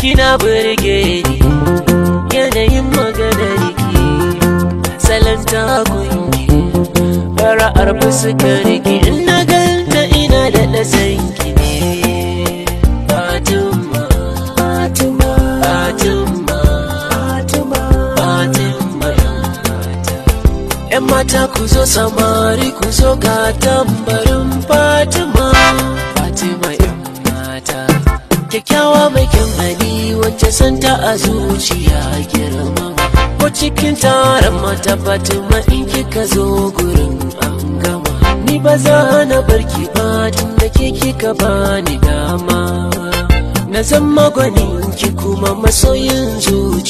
kina burge ni yanayin maganar ki salon takunki fara'ar fuskar ki ina ganta ina da nasan ki ne mata ku zo samari ku zo ga tambarin Fatima Fatima yan mata kyakkyawa mai kyan hali sunanta a zuciya girma ko cikin taron mata in kika zo gurin an gama ni ba za na barki ba tun da ke kika bani dama na zama gwanin ki kuma masoyin zuciya